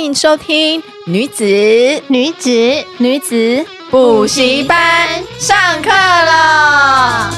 歡迎收聽女子女子女子，女子補習班上課了。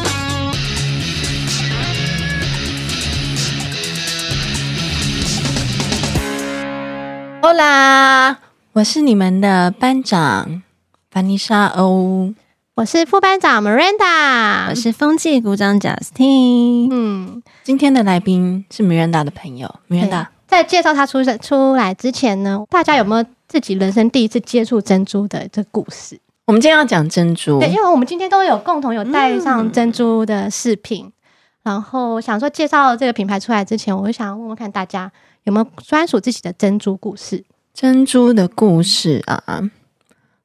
Hola，我是你們的班長凡妮莎哦，我是副班長 Miranda，我是風紀股長 Justine。嗯，今天的來賓是 Miranda 的朋友，Miranda。在介紹他出生出來之前呢，大家有沒有自己人生第一次接觸珍珠的這故事？我們今天要講珍珠，對，因為我們今天都有共同有帶上珍珠的飾品，嗯、然後想說介紹這個品牌出來之前，我就想問問看大家有沒有專屬自己的珍珠故事？珍珠的故事啊，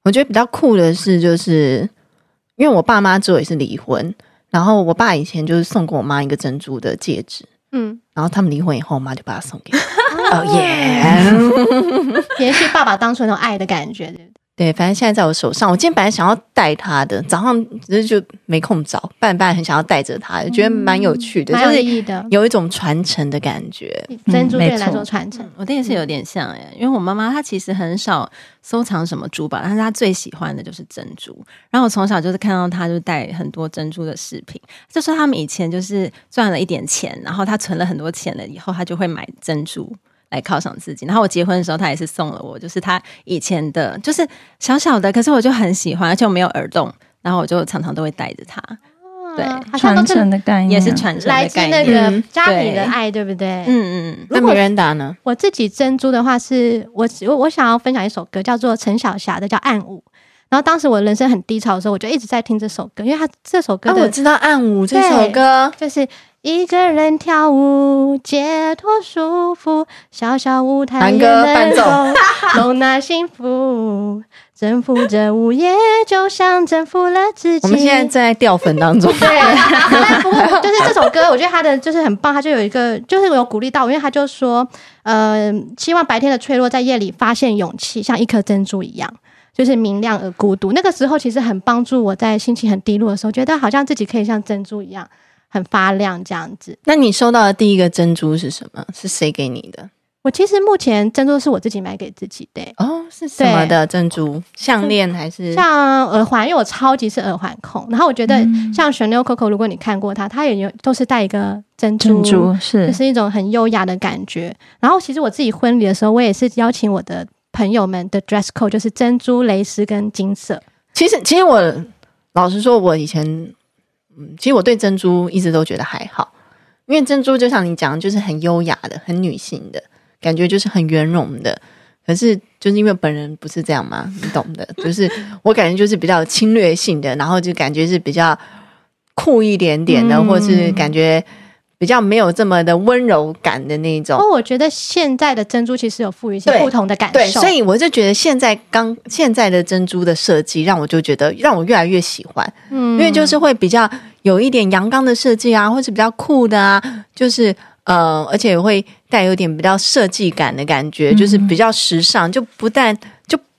我覺得比較酷的是，就是因為我爸媽之後也是離婚，然後我爸以前就是送過我媽一個珍珠的戒指。嗯，然後他們離婚以後，我媽就把它送給我。哦耶，也是爸爸當初那種愛的感覺，對，反正現在在我手上。我今天本來想要戴它的，早上就沒空找。半半很想要戴着它，嗯、覺得蠻有趣的，蠻有意義的有一種傳承的感覺。嗯、珍珠對來說傳承，錯我這也是有點像哎，因為我媽媽她其實很少收藏什麼珠寶，但是她最喜歡的就是珍珠。然後我從小就是看到她就戴很多珍珠的飾品，就說他們以前就是賺了一點錢，然後她存了很多錢了以後，她就會買珍珠。來犒賞自己。然後我結婚的時候，他也是送了我，就是他以前的，就是小小的，可是我就很喜歡，而且我沒有耳洞，然後我就常常都會戴着它。對，傳承的概念，也是傳承的概念，來自那個家裡的愛，對不對？嗯嗯嗯。那 Miranda 呢？我自己珍珠的話是，是我我我想要分享一首歌，叫做陳小霞的，叫《暗舞》。然後當時我人生很低潮的時候，我就一直在聽這首歌，因為他這首歌的，啊、我知道《暗舞》這首歌就是。一個人跳舞，解脫束縛，小小舞台也能走，走那 幸福，征服著午夜，就像征服了自己。我們現在正在掉粉當中。 對， 就是這首歌，我覺得他的就是很棒，他就有一個，就是我有鼓勵到，因為他就說，呃，希望白天的脆弱在夜裡發現勇氣，像一顆珍珠一樣，就是明亮而孤獨。那個時候其實很幫助我在心情很低落的時候，覺得好像自己可以像珍珠一樣。很發亮這樣子。那你收到的第一個珍珠是什麼？是誰給你的？我其實目前珍珠是我自己買給自己的，欸。哦，是誰對什麼的珍珠？項鏈還是？像耳環，因為我超級是耳環控。然後我覺得、嗯、像 Chanel Coco，如果你看過她，她也有都是戴一個珍珠，珍珠是，就是一種很優雅的感覺。然後其實我自己婚禮的時候，我也是邀請我的朋友們的 dress code 就是珍珠蕾絲跟金色。其實，其實我老實說，我以前。嗯，其實我對珍珠一直都覺得還好，因為珍珠就像你講，就是很優雅的、很女性的感覺，就是很圓融的。可是就是因為本人不是這樣嘛，你懂的， 就是我感覺就是比較侵略性的，然後就感覺是比較酷一點點的，嗯、或是感覺。比較沒有這麼的溫柔感的那種哦，我覺得現在的珍珠其實有賦予一些不同的感受，對，對，所以我就覺得現在剛現在的珍珠的設計讓我就覺得讓我越來越喜歡，嗯，因為就是會比較有一點陽剛的設計啊，或是比較酷的啊，就是嗯、呃，而且會帶有點比較設計感的感覺，就是比較時尚，就不但。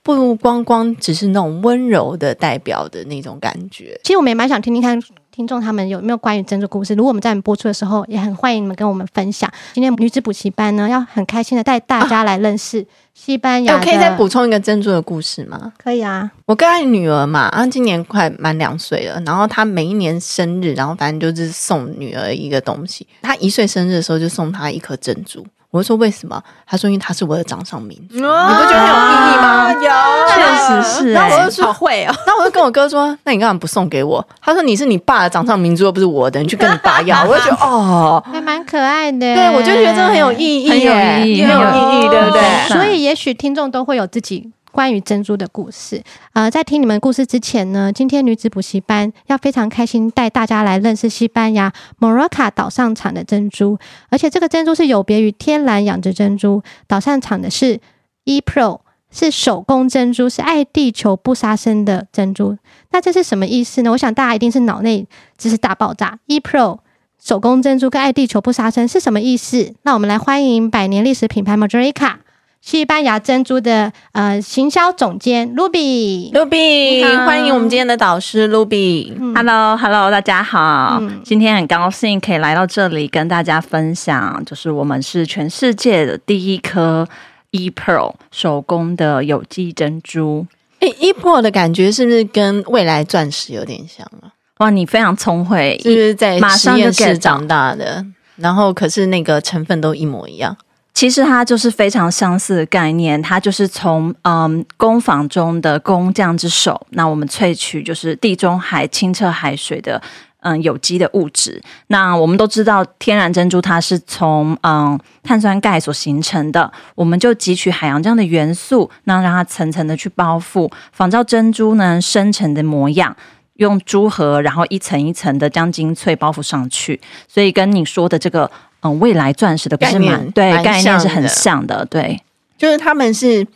不光光只是那種溫柔的代表的那種感覺。其實我們也蠻想聽聽看聽眾他們有沒有關於珍珠故事。如果我們在我們播出的時候，也很歡迎你們跟我們分享。今天女子補習班呢，要很開心的帶大家來認識西班牙，啊哎。我可以再補充一個珍珠的故事嗎？可以啊，我跟愛女兒嘛，然後今年快滿兩歲了。然後她每一年生日，然後反正就是送女兒一個東西。她一歲生日的時候，就送她一顆珍珠。我就說為什麼？他說因為他是我的掌上明珠，哦、你不覺得很有意義嗎？哦、有，確實是。那我就說、欸、好會哦，那我就跟我哥說， 那你幹嘛不送給我？他說你是你爸的掌上明珠，又不是我的，你去跟你爸要。 我就覺得哦，還蠻可愛的。對，我就覺得真的很有意義、嗯，很有意義，很有意義，對，很有意義，對不對？所以也許聽眾都會有自己。關於珍珠的故事，呃，在聽你們的故事之前呢，今天女子補習班要非常開心帶大家來認識西班牙 Mallorca 島上產的珍珠，而且這個珍珠是有別於天然養殖珍珠，島上產的是 E Pro，是手工珍珠，是愛地球不殺生的珍珠。那這是什麼意思呢？我想大家一定是腦內知識大爆炸，E Pro 手工珍珠跟愛地球不殺生是什麼意思？那我們來歡迎百年歷史品牌 Majorica。西班牙珍珠的呃行銷總監 Ruby，Ruby，Ruby, 你好。歡迎我們今天的導師 Ruby。Hello，Hello，、嗯、hello, 大家好，嗯、今天很高興可以來到這裡跟大家分享，就是我們是全世界的第一顆 Epro 手工的有機珍珠。誒 Epro 的感覺是不是跟未來鑽石有點像啊？哇，你非常聰慧，是不是在馬實驗室長大的？然後可是那個成分都一模一樣。其實它就是非常相似的概念，它就是從嗯，工坊中的工匠之手。那我們萃取就是地中海清澈海水的嗯，有機的物質。那我們都知道，天然珍珠它是從嗯，碳酸鈣所形成的，我們就汲取海洋這樣的元素，那讓它層層的去包覆，仿照珍珠呢生成的模樣，用珠核，然後一層一層的將精粹包覆上去。所以跟你說的這個。嗯，未來鑽石的不是概念的，對概念是很像的，對，就是他們是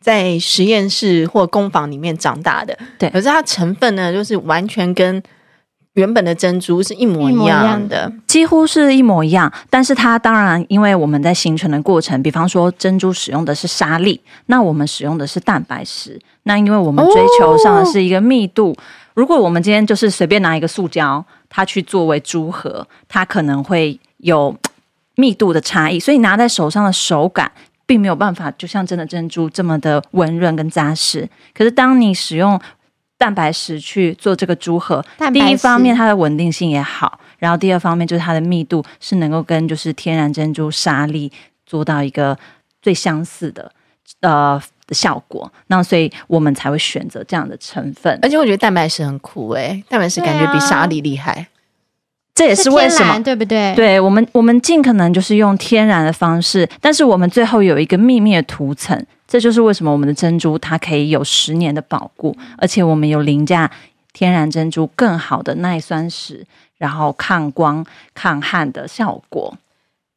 在實驗室或工坊裡面長大的，對，可是它成分呢，就是完全跟原本的珍珠是一模一樣的，一模一樣幾乎是一模一樣。但是它當然，因為我們在形成的過程，比方說珍珠使用的是沙粒，那我們使用的是蛋白石，那因為我們追求上的是一個密度，哦，如果我們今天就是隨便拿一個塑膠，它去作為珠核，它可能會有。密度的差異，所以拿在手上的手感並沒有辦法，就像真的珍珠這麼的溫潤跟扎實。可是當你使用蛋白石去做這個珠核，第一方面它的穩定性也好，然後第二方面就是它的密度是能夠跟就是天然珍珠沙粒做到一個最相似的呃的效果。那所以我們才會選擇這樣的成分。而且我覺得蛋白石很酷誒、欸，蛋白石感覺比沙粒厲害。這也是為什麼對不對？對，我們，我們盡可能就是用天然的方式，但是我們最後有一個秘密的塗層，這就是為什麼我們的珍珠它可以有十年的保固，而且我們有凌駕天然珍珠更好的耐酸蝕，然後抗光、抗汗的效果。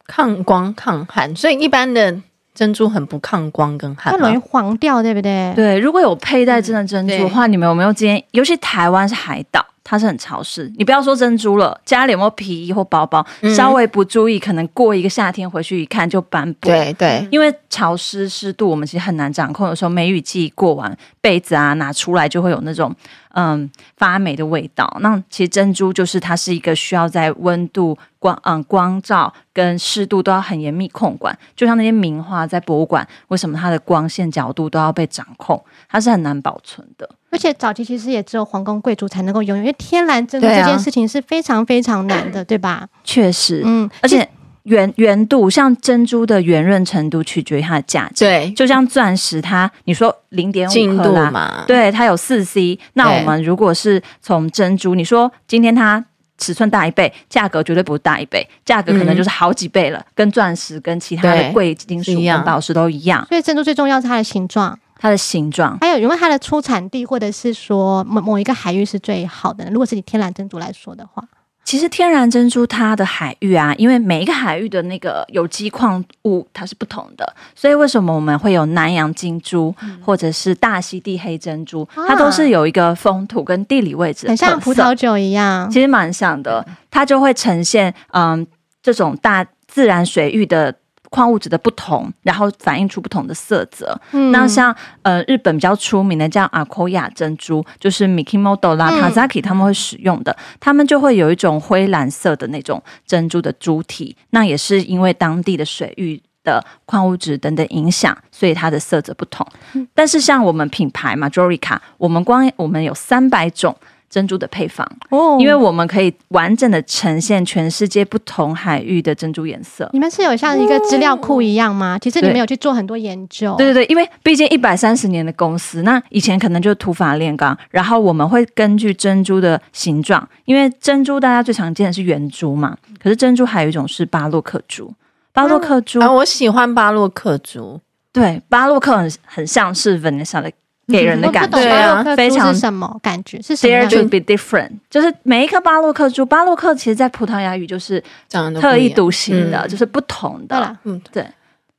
抗光、抗汗，所以一般的珍珠很不抗光跟汗，它容易黃掉，對不對？對，如果有佩戴真的珍珠的話，嗯、你們有沒有今天？尤其台灣是海島。它是很潮濕，你不要說珍珠了，家裡有沒有皮衣或包包，嗯，稍微不注意，可能過一個夏天回去一看就斑駁。對對，因為潮濕濕度我們其實很難掌控，有時候梅雨季過完，被子啊拿出來就會有那種。嗯，發霉的味道。那其實珍珠就是它是一個需要在溫度光、光嗯光照跟濕度都要很嚴密控管。就像那些名畫在博物館，為什麼它的光線角度都要被掌控？它是很難保存的。而且早期其實也只有皇宮貴族才能夠擁有，因為天然珍珠這件事情是非常非常難的，對啊、對吧？確實，嗯，而且。圓圓度像珍珠的圓潤程度取決於它的價值，對，就像鑽石它，它你說零點五克拉，淨度嘛對，它有四 C，那我們如果是從珍珠，對你說今天它尺寸大一倍，價格絕對不是大一倍，價格可能就是好幾倍了，嗯、跟鑽石跟其他的貴金屬跟寶石都一樣。所以珍珠最重要是它的形狀，它的形狀，還有因為它的出產地或者是說某某一個海域是最好的，如果是以天然珍珠來說的話。其實天然珍珠它的海域啊，因為每一個海域的那個有機礦物它是不同的，所以為什麼我們會有南洋金珠，或者是大溪地黑珍珠，嗯，它都是有一個風土跟地理位置，啊，很像葡萄酒一樣，其實蠻像的，它就會呈現嗯這種大自然水域的。礦物質的不同，然後反映出不同的色澤。嗯、那像呃日本比較出名的叫 Akoya 珍珠，就是 Mikimoto 啦 Tazaki 他們會使用的，嗯、他們就會有一種灰藍色的那種珍珠的珠體。那也是因為當地的水域的礦物質等等影響，所以它的色澤不同。嗯、但是像我們品牌嘛，Majorica 我們光我們有三百種，珍珠的配方哦，因為我們可以完整的呈現全世界不同海域的珍珠顏色。你們是有像一個資料庫一樣嗎？其實你們有去做很多研究。對對對，因為畢竟一百三十年的公司，那以前可能就土法煉鋼，然後我們會根據珍珠的形狀，因為珍珠大家最常見的是圓珠嘛，可是珍珠還有一種是巴洛克珠。巴洛克珠、嗯、啊，我喜歡巴洛克珠。對，巴洛克很很像是 Vanessa 的。給人的感覺，啊，非常什麼感覺？是 dare to be different，就是每一顆巴洛克珠，巴洛克其實在葡萄牙語就是特立獨行的，就是不同的啦。嗯，對，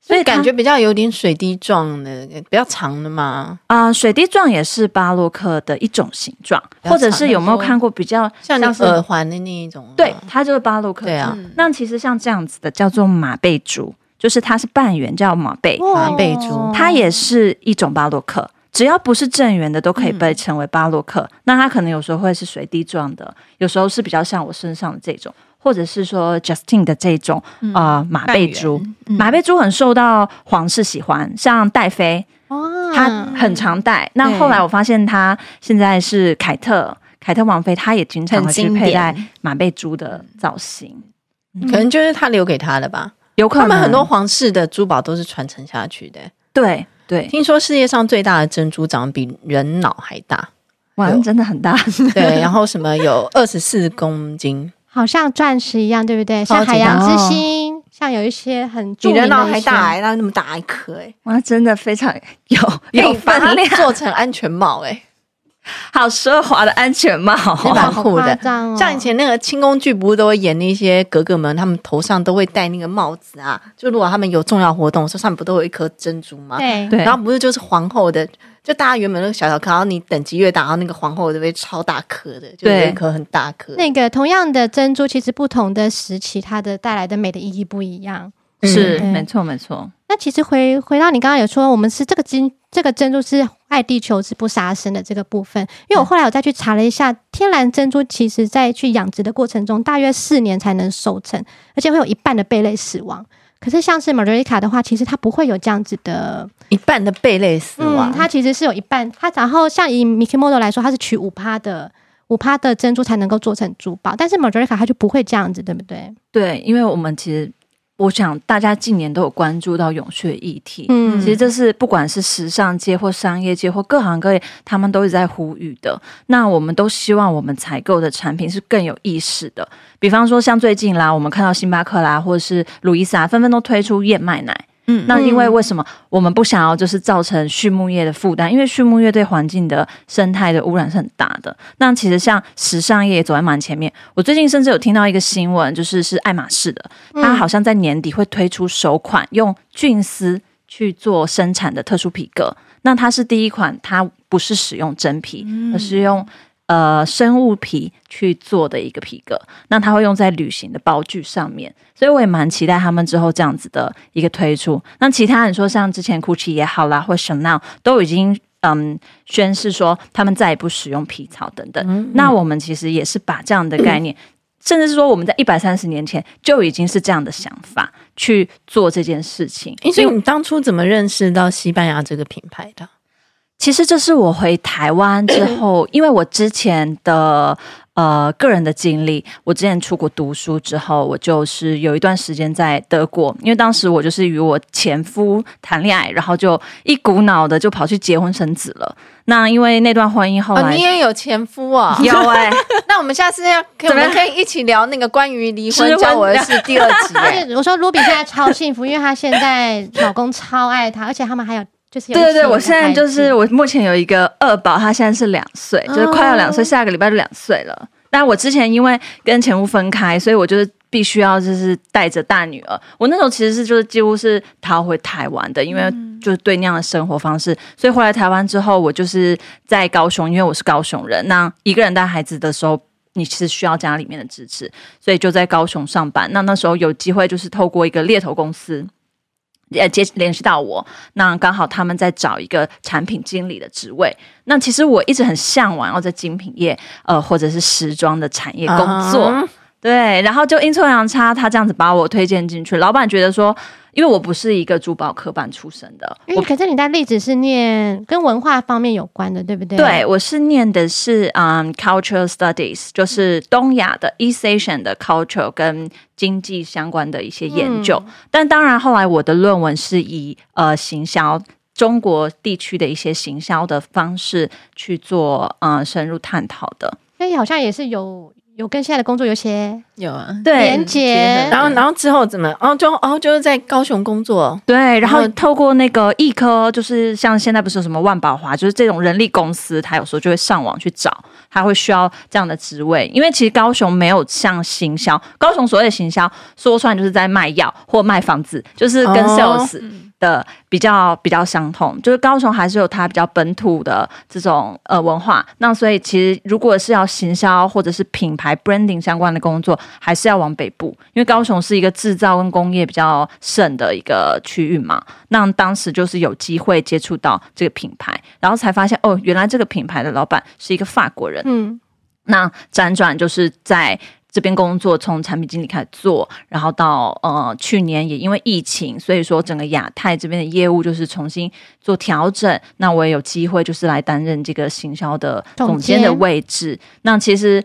所以感覺比較有點水滴狀的，比較長的嘛。啊，水滴狀也是巴洛克的一種形狀，或者是有沒有看過比較像耳環的那一種？對，它就是巴洛克。對啊，那其實像這樣子的叫做馬貝珠，就是它是半圓，叫馬貝馬貝珠，它也是一種巴洛克。只要不是正圓的都可以被稱為巴洛克。嗯、那它可能有時候會是水滴狀的，有時候是比較像我身上的這種，或者是說 Justine 的這種啊、嗯呃、馬貝珠。嗯、馬貝珠很受到皇室喜歡，像戴妃，他哇很常戴。對那後來我發現他現在是凱特，凱特王妃，她也經常去佩戴馬貝珠的造型。嗯、可能就是他留給他的吧，有可能。他們很多皇室的珠寶都是傳承下去的，對。對，聽說世界上最大的珍珠長得比人腦還大，哇，有真的很大。對， 然後什麼有二十四公斤，好像鑽石一樣，對不對？像海洋之星，哦、像有一些很著名的，比人腦還，還大，那麼大一顆，哎，哇，真的非常有有分量，欸、把它做成安全帽，誒好奢華的安全帽，好酷的。是不是，好誇張哦。像以前那個清宮劇，不是都會演那些格格們，他們頭上都會戴那個帽子啊，就如果他們有重要活動，說上面不都有一顆珍珠嗎？對。然後不是就是皇後的，就大家原本那個小小顆，然後你等級越大，然後那個皇後就會超大顆的，就有一顆很大顆。對那個同樣的珍珠，其實不同的時期，它的帶來的美的意義不一樣。是，對沒錯沒錯。那其實回回到你剛剛有說，我們是這個金這個珍珠是。在地球是不殺生的這個部分，因為我後來我再去查了一下，啊、天然珍珠其實在去養殖的過程中，大約四年才能收成，而且會有一半的貝類死亡。可是像是 Majorica 的話，其實它不會有這樣子的一半的貝類死亡，嗯。它其實是有一半，它然後像以 Mikimoto 來說，它是取五趴的五趴的珍珠才能夠做成珠寶，但是 Majorica 它就不會這樣子，對不對？對，因為我們其實。我想大家近年都有關注到永續議題，嗯，其實這是不管是時尚界或商業界或各行各業，他們都是在呼籲的。那我們都希望我們採購的產品是更有意識的，比方說像最近啦，我們看到星巴克啦，或者是路易莎，紛紛都推出燕麥奶。嗯， 那因為為什麼我們不想要就是造成畜牧業的負擔？因為畜牧業對環境的生態的汙染是很大的。那其實像時尚業也走在蠻前面，我最近甚至有聽到一個新聞，就是是愛馬仕的，它好像在年底會推出首款用菌絲去做生產的特殊皮革。那它是第一款，它不是使用真皮，而是用。呃，生物皮去做的一個皮革，那它會用在旅行的包具上面，所以我也蠻期待他們之後這樣子的一個推出。那其他人說，像之前 GUCCI 也好啦，或 Chanel 都已經嗯、呃、宣示說他們再也不使用皮草等等。嗯嗯、那我們其實也是把這樣的概念，嗯、甚至是說我們在一百三十年前就已經是這樣的想法去做這件事情、欸。所以你當初怎麼認識到西班牙這個品牌的？其實這是我回台灣之後， 因為我之前的呃個人的經歷，我之前出國讀書之後，我就是有一段時間在德國，因為當時我就是與我前夫談戀愛，然後就一股腦的就跑去結婚生子了。那因為那段婚姻，後來，哦、你也有前夫啊？有哎。那我們下次要可能 可以一起聊那個關於離婚吃 教我的事第二集，欸？ 但是我說 Ruby 現在超幸福，因為她現在老公超愛她，而且他們還有。對對對，我現在就是我目前有一個二寶，他現在是兩歲，哦、就是快要兩歲，下個禮拜就兩歲了。但我之前因為跟前夫分開，所以我就是必須要就是帶着大女兒。我那時候其實是就是幾乎是逃回台灣的，因為就是對那樣的生活方式。嗯、所以回來台灣之後，我就是在高雄，因為我是高雄人。那一個人帶孩子的時候，你其實需要家裡面的支持，所以就在高雄上班。那那時候有機會就是透過一個獵頭公司。呃，接聯繫到我，那剛好他們在找一個產品經理的職位。那其實我一直很嚮往要在精品業，呃，或者是時裝的產業工作。嗯對，然後就陰錯陽差，他這樣子把我推薦進去。老闆覺得說，因為我不是一個珠寶科班出身的，嗯、我可是你的例子是念跟文化方面有關的，對不對？對，我是念的是嗯、um,，Cultural Studies，就是東亞的、嗯、East Asian 的 culture 跟經濟相關的一些研究。嗯、但當然後來我的論文是以呃行銷中國地區的一些行銷的方式去做嗯、呃、深入探討的。所以好像也是有。有跟現在的工作有些有啊，對，連接結，然後然後之後怎麼，然、哦、後就然後、哦、就是在高雄工作，對，然後透過那個易科，就是像現在不是有什麼萬寶華，就是這種人力公司，他有時候就會上網去找。他會需要這樣的職位，因為其實高雄沒有像行銷，高雄所謂的行銷說出來就是在賣藥或賣房子，就是跟 sales 的比較、哦、比較相同。就是高雄還是有它比較本土的這種呃文化，那所以其實如果是要行銷或者是品牌 branding 相關的工作，還是要往北部，因為高雄是一個製造跟工業比較盛的一個區域嘛。那當時就是有機會接觸到這個品牌，然後才發現哦，原來這個品牌的老板是一個法國人。嗯，那輾轉就是在這邊工作，從產品經理開始做，然後到呃去年也因為疫情，所以說整個亞太這邊的業務就是重新做調整。那我也有機會就是來擔任這個行銷的總監的位置。監那其實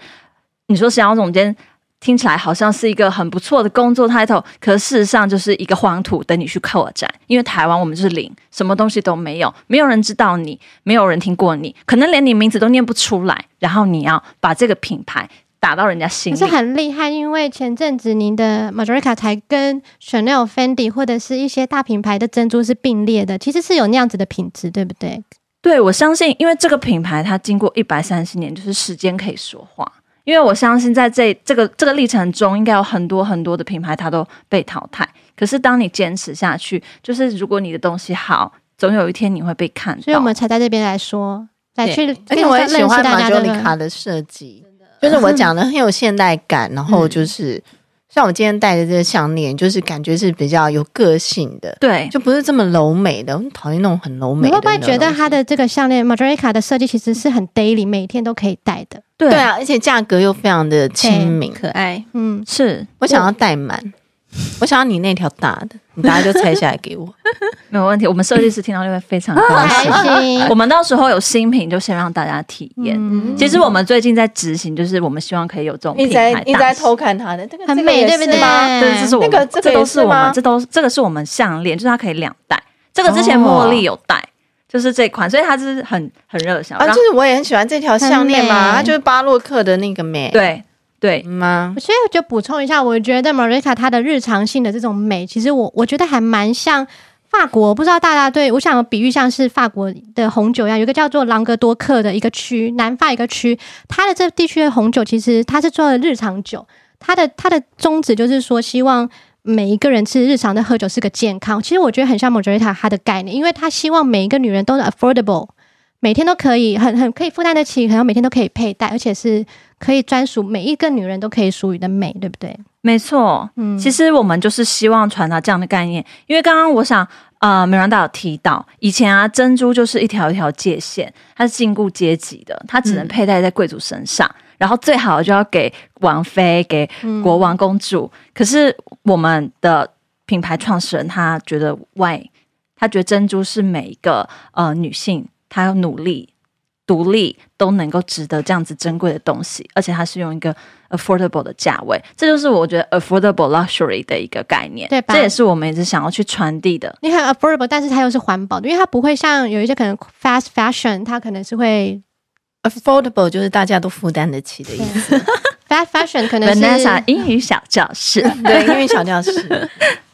你說行銷總監。聽起來好像是一個很不錯的工作 title，可事實上就是一個黃土等你去擴展。因為台灣我們是零，什麼東西都沒有，沒有人知道你，沒有人聽過你，可能連你名字都念不出來。然後你要把這個品牌打到人家心裡可是很厲害。因為前陣子您的 Majorica 才跟 Chanel、Fendi 或者是一些大品牌的珍珠是並列的，其實是有那樣子的品質，對不對？對，我相信，因為這個品牌它經過一百三十年，就是時間可以說話。因為我相信，在這這個這個歷程中，應該有很多很多的品牌它，都被淘汰。可是，當你堅持下去，就是如果你的東西好，總有一天你會被看。所以我們才在這邊來說，對來去。對而且我喜歡馬喬麗卡的設計，對真的就是我講的很有現代感，嗯、然後就是。像我今天戴的這個項鏈，就是感覺是比較有個性的，對，就不是這麼柔美的。我討厭那種很柔美的。你會不會覺得它的這個項鏈 Majorica 的設計其實是很 daily，每天都可以戴的？對，對啊，而且價格又非常的親民，可愛。嗯，是我想要戴滿。嗯我想要你那條大的，你等下就拆下來給我， 沒有問題。我們設計師聽到就會非常開心。 啊、我們到時候有新品就先讓大家體驗。嗯、其實我們最近在執行，就是我們希望可以有這種品牌。你在你在偷看他的，這個很美，對不對？對，這是我，這個這個是嗎？這都是我們，這都是這個是我們項鏈，就是它可以兩戴。這個之前茉莉有戴，就是這款，所以它就是很很熱銷、啊。就是我也很喜歡這條項鏈嘛，美它就是巴洛克的那個美，對。對、嗯、嗎？所以我就補充一下，我覺得 Majorica 它的日常性的這種美，其實我我覺得還蠻像法國。我不知道大家對我想比喻像是法國的紅酒一樣，有一個叫做朗格多克的一個區，南法一個區，它的這地區的紅酒其實它是做的日常酒，它的它的宗旨就是說希望每一個人吃日常的喝酒是個健康。其實我覺得很像 Majorica 它的概念，因為它希望每一個女人都是 affordable。每天都可以，很很可以負擔得起，好像每天都可以佩戴，而且是可以專屬每一個女人都可以屬於的美，對不對？沒錯錯，嗯，其實我們就是希望傳達這樣的概念，因為剛剛我想，呃，Miranda 有提到，以前啊，珍珠就是一條一條界限，它是禁錮階級的，它只能佩戴在貴族身上，嗯、然後最好就要給王妃、給國王、公主。嗯、可是我們的品牌創始人他覺得外，他覺得珍珠是每一個呃女性，他要努力、獨立，都能夠值得這樣子珍貴的東西，而且它是用一個 affordable 的價位，這就是我覺得 affordable luxury 的一個概念。對吧，這也是我們一直想要去傳遞的。你看 affordable，但是它又是環保的，因為它不會像有一些可能 fast fashion，它可能是會 affordable，就是大家都負擔得起的意思。對 fast fashion 可能是 Vanessa 英語小教室， 對，英語小教室。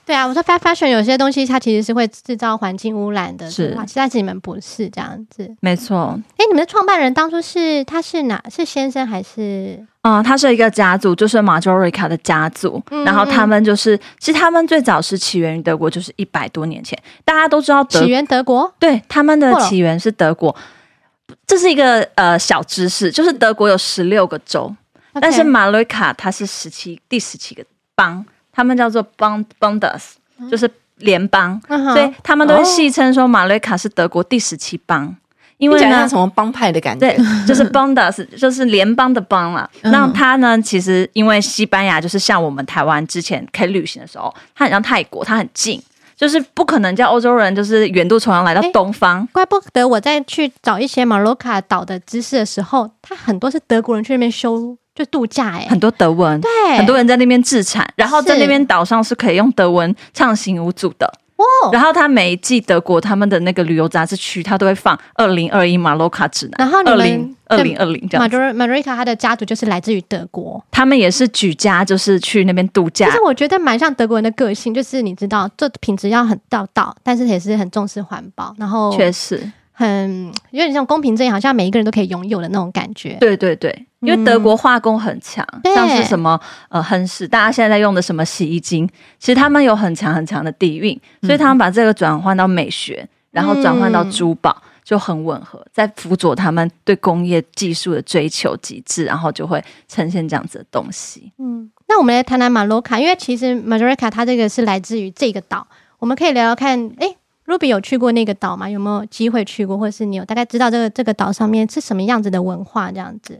對啊，我說 fast fashion 有些東西它其實是會製造環境污染的，是，實在是你們不是這樣子，沒錯。哎，你們的創辦人當初是他是哪？是先生還是？啊、呃，他是一個家族，就是 Majorica 的家族，嗯嗯，然後他們就是，其實他們最早是起源於德國，就是一百多年前，大家都知道德起源德國，對，他們的起源是德國。了這是一個呃小知識，就是德國有十六個州，是，但是 Majorica 他是十七第十七個邦。他們叫做邦邦德斯，就是聯邦，嗯、所以他們都戲稱說馬雷卡是德國第十七邦，因為呢什麼幫派的感覺，對，就是邦德斯就是聯邦的邦了。嗯、那他呢，其實因為西班牙就是像我們台灣之前開旅行的時候，它很像泰國它很近。就是不可能叫歐洲人就是遠渡重洋來到東方。欸，怪不得我在去找一些馬洛卡島的知識的時候，它很多是德國人去那邊休，就度假誒、欸、很多德文，對，很多人在那邊置產，然後在那邊島上是可以用德文暢行無阻的。是嗯然後他每一季德國他們的那個旅遊雜誌區，他都會放二零二一馬洛卡指南，然後你們二零二零這樣子。馬馬瑞卡他的家族就是來自於德國，他們也是舉家就是去那邊度假。其實、嗯、我覺得蠻像德國人的個性，就是你知道，做品質要很道道，但是也是很重視環保。然後確實。很有點像公平正義，好像每一個人都可以擁有的那種感覺。對對對，因為德國化工很強，嗯、像是什麼呃、亨氏，大家現在在用的什麼洗衣精，其實他們有很強很強的底蘊，所以他們把這個轉換到美學，嗯、然後轉換到珠寶就很吻合，在輔佐他們對工業技術的追求極致，然後就會呈現這樣子的東西。嗯，那我們來談談馬洛卡，因為其實 Majorica 它這個是來自於這個島，我們可以聊聊看，誒 Ruby 有去過那個島嗎？有沒有機會去過，或是你有大概知道這個這個島上面是什麼樣子的文化這樣子？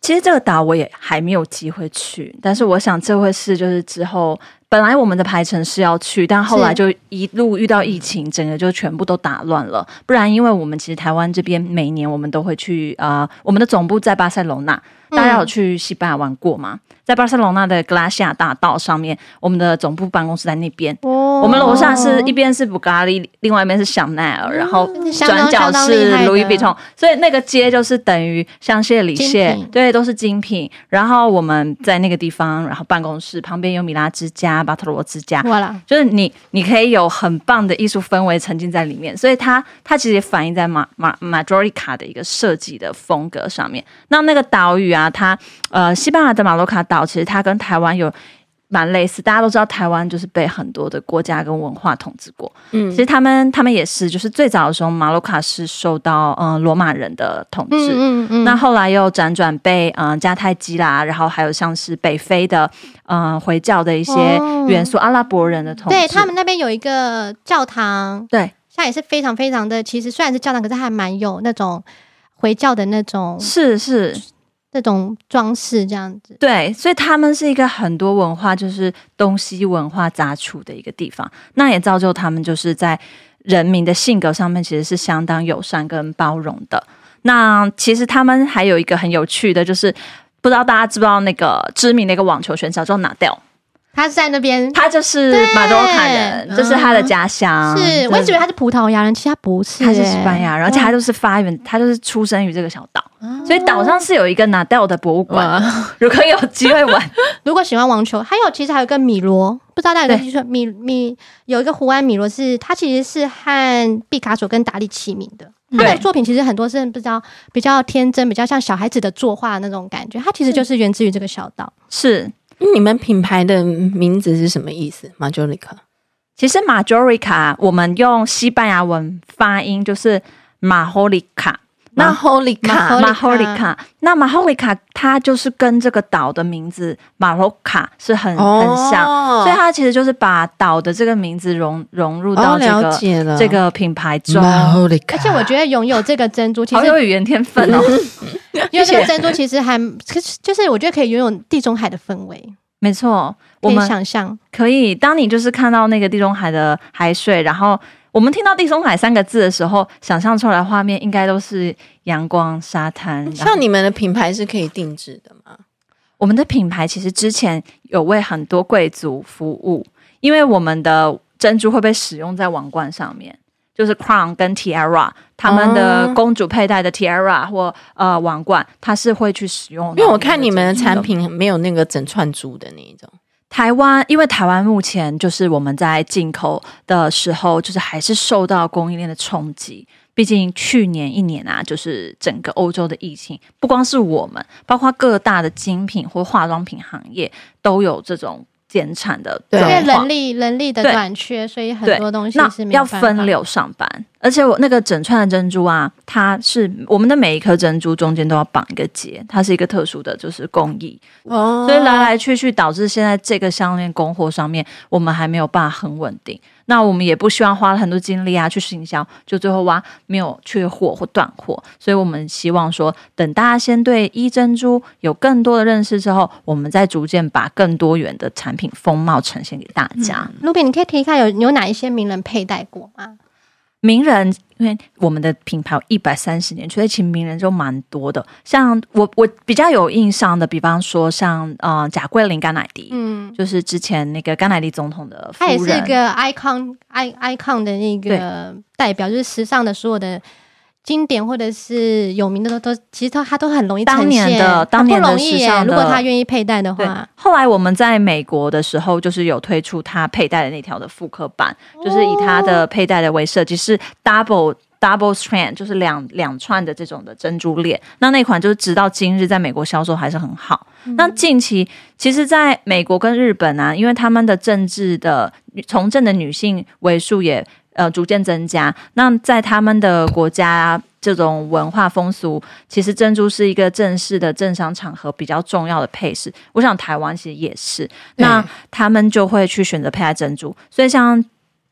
其實這個島我也還沒有機會去，但是我想這會是就是之後本來我們的排程是要去，但後來就一路遇到疫情，是整個就全部都打亂了。不然，因為我們其實台灣這邊每年我們都會去啊、呃，我們的總部在巴塞隆納。大家有去西班牙玩過嗎？嗯、在巴塞羅那的格拉西亞大道上面，我們的總部辦公室在那邊。哦，我們樓下是一邊是布格拉利，另外一邊是香奈兒，然後轉角是路易比通，相當相當，所以那個街就是等於香榭里榭，品對，都是精品。然後我們在那個地方，然後辦公室旁邊有米拉之家、巴特羅之家，哇啦，就是你你可以有很棒的藝術氛圍沉浸在裡面。所以它它其實也反映在馬馬 Majorica 的一個設計的風格上面。那那個島嶼啊。它呃、，西班牙的馬洛卡島其實它跟台灣有蠻類似。大家都知道台灣就是被很多的國家跟文化統治過，嗯，其實他們他們也是，就是最早的時候馬洛卡是受到嗯、呃、羅馬人的統治，嗯嗯，嗯那後來又輾轉被嗯、呃、加太基啦，然後還有像是北非的嗯、呃、回教的一些元素，哦、阿拉伯人的統治。對他們那邊有一個教堂，對，它也是非常非常的，其實雖然是教堂，可是還蠻有那種回教的那種，是是。這種裝飾這樣子，對，所以他們是一個很多文化，就是東西文化雜處的一個地方，那也造就他們就是在人民的性格上面其實是相當友善跟包容的。那其實他們還有一個很有趣的，就是不知道大家知不知道那個知名的一個網球選手叫哪掉。他是在那邊，他就是馬洛卡人，就是他的家鄉。是我一直以為他是葡萄牙人，其實他不是，他是西班牙人，而且他都是發源，他都是出生於這個小島，所以島上是有一個 Nadal 的博物館。如果有機會玩，如果喜歡網球，還有其實還有一個米羅，不知道大家有沒有聽說，米米有一個胡安米羅，是他其實是和畢卡索跟達利齊名的，他的作品其實很多是不知道比較天真，比較像小孩子的作畫那種感覺，他其實就是源自於這個小島，是。嗯，你們品牌的名字是什麼意思？Majorica，其實 Majorica 我們用西班牙文發音就是馬霍里卡。那 h、哦、馬霍里卡，馬霍里卡，那 h 馬霍里卡，哦、它就是跟這個島的名字馬洛卡是很很像，哦、所以它其實就是把島的這個名字融融入到這個、哦、了了這個品牌中。而且我覺得擁有這個珍珠，其實好有語言天分哦， 因為這個珍珠其實還 就是我覺得可以擁有地中海的氛圍。沒錯錯，可以想象，可以當你就是看到那個地中海的海水，然後。我們聽到“地中海”三個字的時候，想象出來的畫面應該都是陽光、沙灘。像你們的品牌是可以定制的嗎？我們的品牌其實之前有為很多貴族服務，因為我們的珍珠會被使用在王冠上面，就是 crown 跟 tiara，他們的公主佩戴的 tiara 或呃王冠，哦、它是會去使用的。因為我看你們的產品、嗯、有沒有那個整串珠的那一種。台灣，因為台灣目前就是我們在進口的時候，就是還是受到供應鏈的衝擊。畢竟去年一年啊，就是整個歐洲的疫情，不光是我們，包括各大的精品或化妝品行業都有這種。減產的，因為人力、人力的短缺，對所以很多東西是沒有要分流上班。而且我那個整串的珍珠啊，它是我們的每一顆珍珠中間都要綁一個結，它是一個特殊的就是工藝，哦、所以來來去去導致現在這個項鏈供貨上面，我們還沒有辦法很穩定。那我們也不希望花了很多精力啊去行銷，就最後挖，沒有缺貨或斷貨，所以我們希望說，等大家先對伊珍珠有更多的認識之後，我們再逐漸把更多元的產品風貌呈現給大家。嗯，Ruby，你可以提一下，有有哪一些名人佩戴過啊？名人，因為我們的品牌有一百三十年，所以請名人就蠻多的。像我，我比較有印象的，比方說像呃賈桂琳甘乃迪，嗯，就是之前那個甘乃迪總統的，他也是一個 icon，icon icon 的那個代表，對就是時尚的所有的。經典或者是有名的都都，其實它它都很容易呈現。當年的當年的時尚的，如果他願意佩戴的話。後來我們在美國的時候，就是有推出他佩戴的那條的複刻版，哦、就是以他的佩戴的為設計，是 double double strand，就是兩兩串的這種的珍珠鏈。那那款就是直到今日在美國銷售還是很好。嗯、那近期其實在美國跟日本啊，因為他們的政治的從政的女性為數也。呃，逐漸增加。那在他們的國家，這種文化風俗，其實珍珠是一個正式的政商場合比較重要的配飾。我想台灣其實也是，那他們就會去選擇佩戴珍珠。嗯、所以像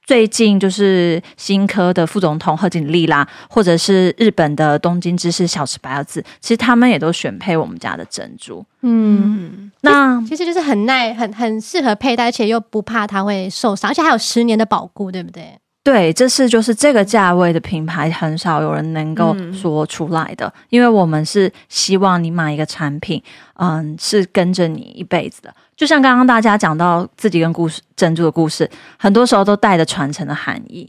最近就是新科的副總統賀錦麗啦，或者是日本的東京知事小池百合子，其實他們也都選配我們家的珍珠。嗯，那其實就是很耐、很很適合佩戴，而且又不怕它會受傷，而且還有十年的保固，對不對？對，這是就是這個價位的品牌很少有人能夠說出來的，嗯、因為我們是希望你買一個產品，嗯，是跟着你一輩子的。就像剛剛大家講到自己跟故事珍珠的故事，很多時候都帶着傳承的含義。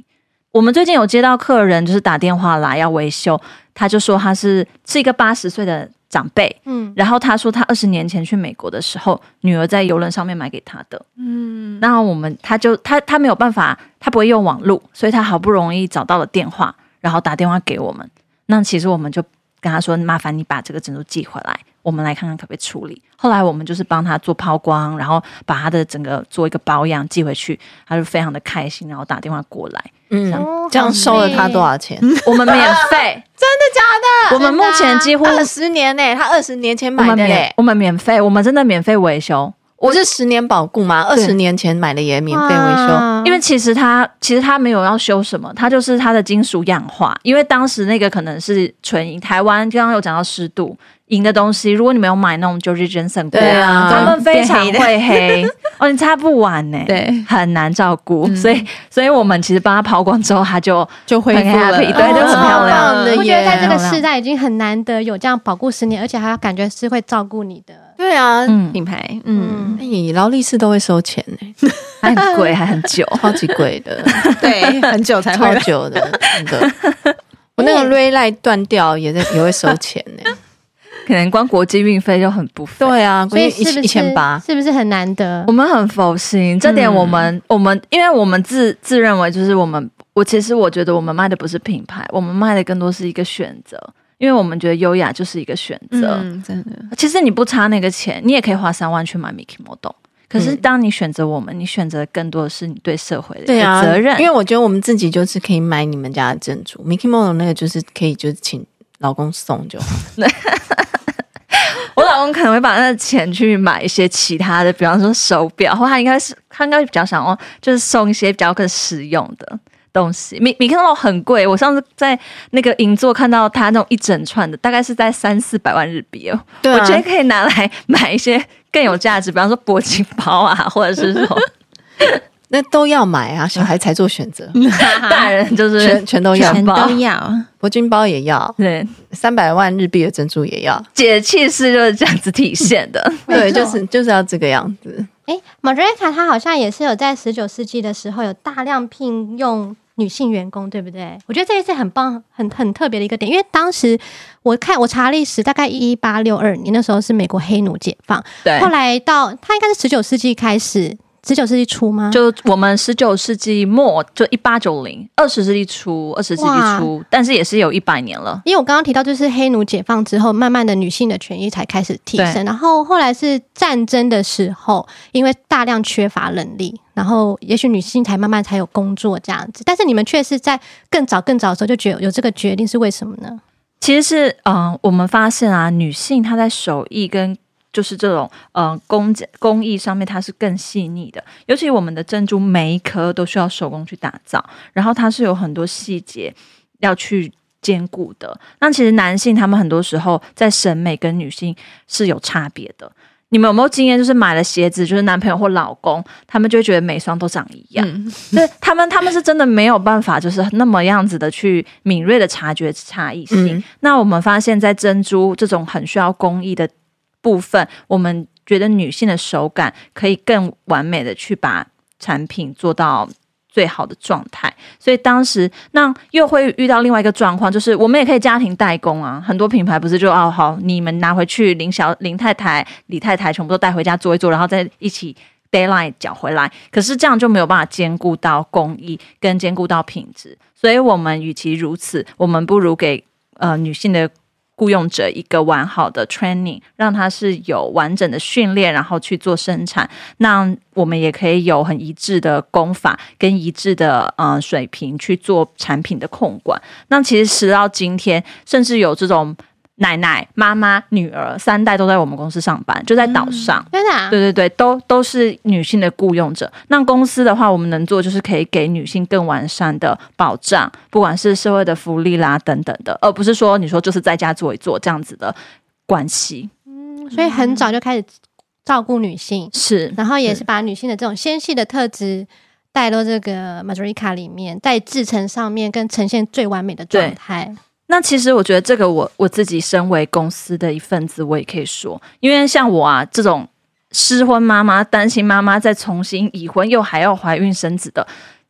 我們最近有接到客人，就是打電話來要維修。他就說他是是一個八十歲的長輩，嗯，然後他說他二十年前去美國的時候，女兒在遊輪上面買給他的，嗯，那我們他就他他沒有辦法，他不會用網絡，所以他好不容易找到了電話，然後打電話給我們，那其實我們就。跟他說：“麻煩你把這個珍珠寄回來，我們來看看可不可以處理。”後來我們就是幫他做拋光，然後把他的整個做一個保養寄回去，他就非常的開心，然後打電話過來。嗯，這樣，哦、這樣收了他多少錢？ 嗯、我們免費、啊，真的假的？我們目前幾乎二十、啊、年呢、欸，他二十年前買的嘞、欸，我們免費，我們真的免費維修。我不是十年保固嘛，二十對年前買的也免費維修。哇因為其實它其實它沒有要修什麼，它就是它的金屬氧化，因為當時那個可能是純銀，台灣剛剛有講到濕度。銀的東西，如果你沒有買那種 Justinson，對啊，他們非常會黑哦，你擦不完呢，對，很難照顧，所以，所以我們其實幫他拋光之後，他就就恢復了，對，就很漂亮。我覺得在這個時代已經很難得有這樣保固十年，而且還要感覺是會照顧你的，對啊，品牌，嗯，你勞力士都會收錢呢，還很貴，還很久，超級貴的，對，很久才超久的，真的。我那個 Rayline 斷掉也在也會收錢呢。可能光國際運費就很不菲，對啊，所以一一千八是不是很難得？我們很佛心，這點我們、嗯、我們，因為我們自自認為就是我們，我其實我覺得我們賣的不是品牌，我們賣的更多是一個選擇，因為我們覺得優雅就是一個選擇、嗯，真的。其實你不差那個錢，你也可以花三萬去買 Mikimoto，可是當你選擇我們，嗯、你選擇更多的是你對社會的一個責任，對啊。因為我覺得我們自己就是可以買你們家的珍珠，Mikimoto 那個就是可以就請老公送就好。 我可能會把那的錢去買一些其他的，比方說手表，或他應該是他應該比較想要，就是送一些比較更實用的東西。米米克勞很貴，我上次在那個銀座看到他那種一整串的，大概是在三四百萬日幣哦。對、啊，我覺得可以拿來買一些更有價值，比方說鉑金包啊，或者是說。 那都要買啊！小孩才做選擇， 大人就是全全，全，都全都要，全都要鉑金包也要，對，三百萬日幣的珍珠也要，姐的氣勢就是這樣子體現的， 對，就是就是要這個樣子。 哎，瑪瑞卡他好像也是有在十九世紀的時候有大量聘用女性員工，對不對？我覺得這一次很棒，很很特別的一個點，因為當時我看我查歷史，大概一一八六二年那時候是美國黑奴解放，對，後來到他應該是十九世紀開始。十九世紀初嗎？就我們十九世紀末，就一八九零二十世紀初，二十世紀初，哇但是也是有一百年了。因為我剛剛提到，就是黑奴解放之後，慢慢的女性的權益才開始提升，對然後後來是戰爭的時候，因為大量缺乏人力，然後也許女性才慢慢才有工作這樣子。但是你們卻是在更早更早的時候就覺有這個決定，是為什麼呢？其實是，嗯、呃，我們發現啊，女性她在手藝跟。就是這種嗯、呃，工工藝上面它是更細膩的，尤其我們的珍珠每一顆都需要手工去打造，然後它是有很多細節要去兼顧的。那其實男性他們很多時候在審美跟女性是有差別的。你們有沒有經驗？就是買了鞋子，就是男朋友或老公他們就會覺得每雙都長一樣，就是、嗯、他們他們是真的沒有辦法，就是那麼樣子的去敏銳的察覺差異性。嗯、那我們發現在珍珠這種很需要工藝的。部分，我們覺得女性的手感可以更完美的去把產品做到最好的狀態，所以當時那又會遇到另外一個狀況，就是我們也可以家庭代工啊，很多品牌不是就哦好，你們拿回去林小林太太、李太太全部都帶回家做一做，然後再一起 deadline 繳回來，可是這樣就沒有辦法兼顧到工藝跟兼顧到品質，所以我們與其如此，我們不如給呃女性的。僱傭者一個完好的 training，讓他是有完整的訓練，然後去做生產。那我們也可以有很一致的工法跟一致的嗯水平去做產品的控管。那其實時到今天，甚至有這種。奶奶、媽媽、女兒三代都在我們公司上班，就在島上。嗯，真的啊？對對對，都都是女性的僱用者。那公司的話，我們能做就是可以給女性更完善的保障，不管是社會的福利啦等等的，而不是說你說就是在家做一做這樣子的關係。嗯，所以很早就開始照顧女性，是。然後也是把女性的這種纖細的特質帶到這個 Majorica 裡面，在製程上面跟呈現最完美的狀態。那其實我覺得這個我，我我自己身為公司的一份子，我也可以說，因為像我啊這種失婚媽媽、單親媽媽，再重新已婚又還要懷孕生子的，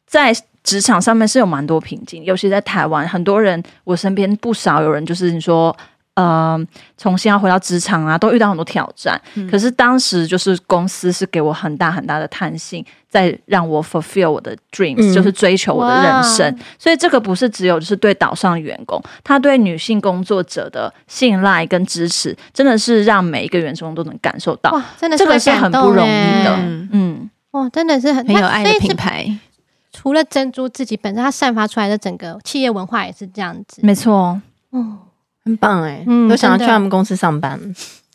在職場上面是有蠻多瓶頸，尤其在台灣，很多人我身邊不少有人就是你說。呃，重新要回到職場啊，都遇到很多挑戰。嗯、可是當時就是公司是給我很大很大的彈性，在讓我 fulfill 我的 dreams，、嗯、就是追求我的人生。哇所以這個不是只有就是對島上的員工，他對女性工作者的信賴跟支持，真的是讓每一個員工都能感受到。哇，真的是，這個是很不容易的。嗯，哇，真的是很很有愛的品牌。除了珍珠自己本身，它散發出來的整個企業文化也是這樣子。沒錯錯，哦很棒哎、欸，嗯，想要去他們公司上班，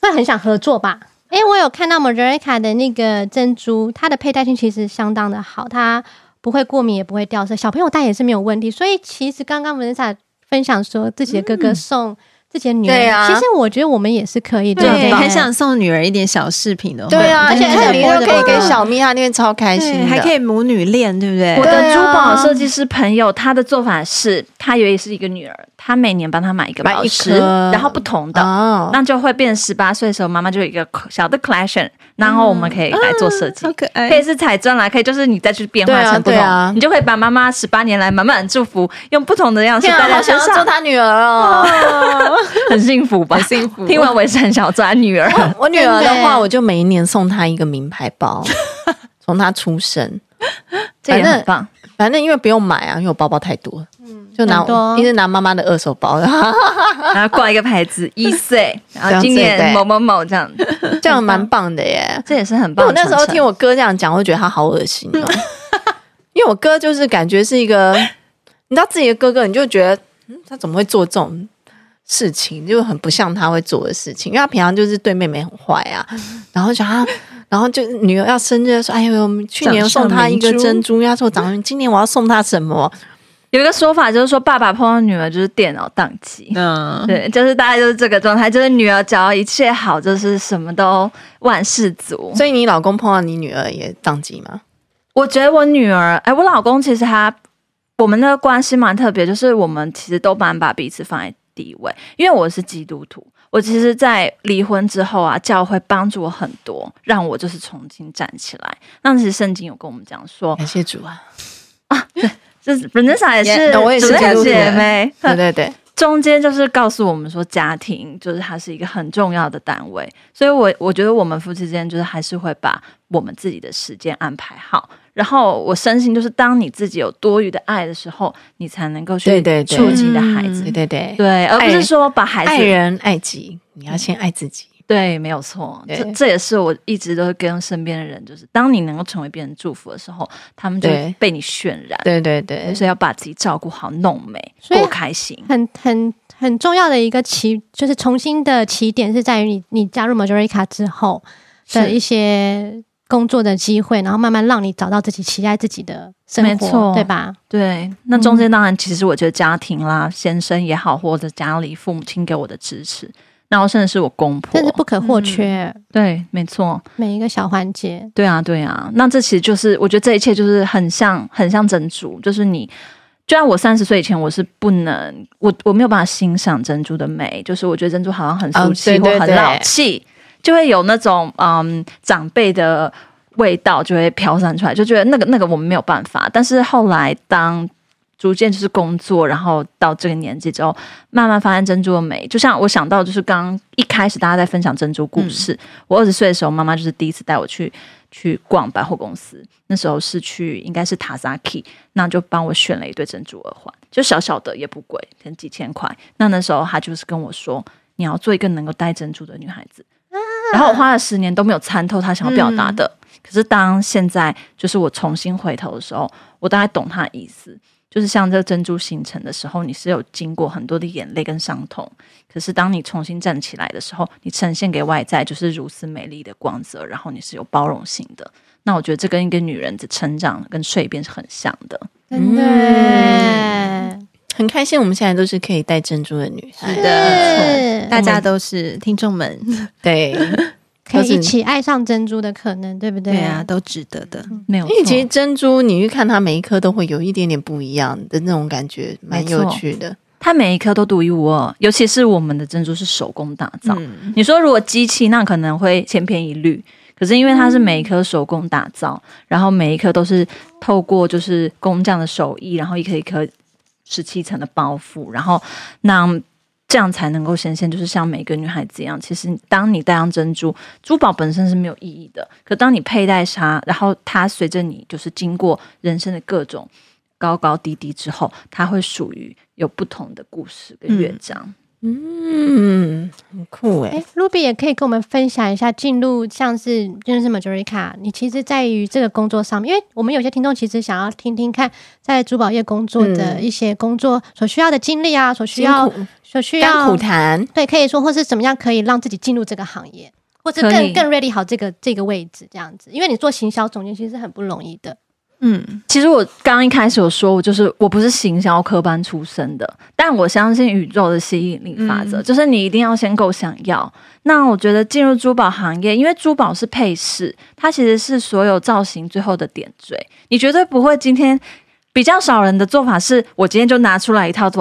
那很想合作吧？哎、欸，我有看到莫瑞卡的那個珍珠，它的佩戴性其實相當的好，它不會過敏，也不會掉色，小朋友戴也是沒有問題。所以其實剛剛文瑞卡分享說，自己的哥哥送，嗯。這些女兒，對啊、其實我覺得我們也是可以的。對，對吧？很想送女兒一點小飾品的。對啊，而且她有禮物可以給小咪，她那邊超開心，還可以母女戀，對不對？對啊、我的珠寶設計師朋友，她的做法是她以為是一個女兒，她每年幫她買一個寶石，然後不同的，哦、那就會變十八歲的時候，媽媽就有一個小的 collection。然後我們可以來做設計、嗯，嗯、可，可以是彩妝啦，可以就是你再去變化成不同，對啊對啊、你就可以把媽媽十八年來滿滿的祝福，用不同的樣式、啊、戴在身上，好想要做她女兒哦， 很幸福吧？很 幸福。聽完我也是很想做她女兒我。我女兒的話，欸、我就每一年送她一個名牌包，從她出生， 這也很棒反。反正因為不用買啊，因為我包包太多就拿我，嗯哦、一直拿媽媽的二手包，然後掛一個牌子， 一歲，然後今年某某某這樣，這樣蠻棒的耶，這也是很棒。我那時候聽我哥這樣講，我就覺得他好噁心、哦， 因為我哥就是感覺是一個， 你知道自己的哥哥，你就覺得、嗯、他怎麼會做這種事情，就很不像他會做的事情，因為他平常就是對妹妹很壞啊， 然後想他，然後就女兒要生日，說哎呦，去年送他一個珍珠，掌上明珠。他說掌上明，今年我要送他什麼？有一個說法就是說，爸爸碰到女兒就是電腦宕機。嗯，對，就是大概就是這個狀態，就是女兒只要一切好，就是什麼都萬事足。所以你老公碰到你女兒也宕機嗎？我覺得我女兒，哎、欸，我老公其實他，我們的關係蠻特別，就是我們其實都蠻把彼此放在第一位。因為我是基督徒，我其實，在離婚之後啊，教會幫助我很多，讓我就是重新站起來。那其實聖經有跟我們講說，感謝主啊啊，對。 就是 Nancy 也是，也是姐妹，對對對。中間就是告訴我們說，家庭就是它是一個很重要的單位，所以我，我我覺得我們夫妻之間就是還是會把我們自己的時間安排好。然後，我深信，就是當你自己有多餘的愛的時候，你才能夠去觸及的孩子，對對對，對，而不是說把孩子愛人愛己，你要先愛自己。嗯對，沒有錯，對這這也是我一直都跟身邊的人，就是當你能夠成為別人祝福的時候，他們就被你渲染。對，對對對，所以要把自己照顧好，弄美，多開心。很很很重要的一個起，就是重新的起點是在於你你加入 Majorica 之後的一些工作的機會，是然後慢慢讓你找到自己期待自己的生活，沒錯對吧？對。那中間當然，其實我覺得家庭啦，嗯、先生也好，或者家裡父母親給我的支持。然後，甚至是我公婆，但是不可或缺。嗯、對，沒錯，每一個小環節。對啊，對啊。那這其實就是，我覺得這一切就是很像，很像珍珠。就是你，就像我三十歲以前，我是不能，我我沒有辦法欣賞珍珠的美。就是我覺得珍珠好像很俗氣或很老氣，哦、對對對，就會有那種，嗯，長輩的味道就會飄散出來，就覺得那個那個我們沒有辦法。但是後來當。逐漸就是工作，然後到這個年紀之後，慢慢發現珍珠的美。就像我想到，就是剛一開始大家在分享珍珠故事。嗯、我二十歲的時候，媽媽就是第一次帶我去去逛百貨公司，那時候是去應該是 Tasaki，那就幫我選了一對珍珠耳環，就小小的也不貴，可能幾千塊。那那時候她就是跟我說：“你要做一個能夠戴珍珠的女孩子。嗯”然後我花了十年都沒有參透她想要表達的。嗯、可是當現在就是我重新回頭的時候，我大概懂她的意思。就是像這珍珠形成的時候，你是有經過很多的眼淚跟傷痛。可是當你重新站起來的時候，你呈現給外在就是如此美麗的光澤。然後你是有包容性的，那我覺得這跟一個女人的成長跟蛻變是很像的。真的，嗯、很開心我們現在都是可以戴珍珠的女生。是的，嗯、大家都是聽眾們。對。 可以一起愛上珍珠的可能，對不對？對啊，都值得的。嗯、沒有，因為其實珍珠，你去看它每一顆都會有一點點不一樣的那種感覺，蠻有趣的。它每一顆都獨一無二，尤其是我們的珍珠是手工打造。嗯、你說如果機器，那可能會千篇一律。可是因為它是每一顆手工打造，然後每一顆都是透過就是工匠的手藝，然後一顆一顆十七層的包覆，然後那。這樣才能夠顯現，就是像每個女孩子一樣。其實，當你戴上珍珠珠寶本身是沒有意義的，可當你佩戴它，然後它隨着你就是經過人生的各種高高低低之後，它會屬於有不同的故事跟樂章。嗯嗯，很酷欸。欸，Ruby 也可以跟我們分享一下進入像是就是 Majorica，你其實在於這個工作上面，因為我們有些聽眾其實想要聽聽看在珠寶業工作的一些工作所需要的精力啊，嗯，所需要辛苦，所需要甘苦談。對，可以說或是怎麼樣可以讓自己進入這個行業，或是更可以，更 ready 好這個這個位置這樣子，因為你做行銷總監其實是很不容易的。嗯，其實我剛一開始有說，我就是我不是行銷科班出身的，但我相信宇宙的吸引力法則，嗯、就是你一定要先夠想要。那我覺得進入珠寶行業，因為珠寶是配飾，它其實是所有造型最後的點綴。你絕對不會今天，比較少人的做法是，我今天就拿出來一套珠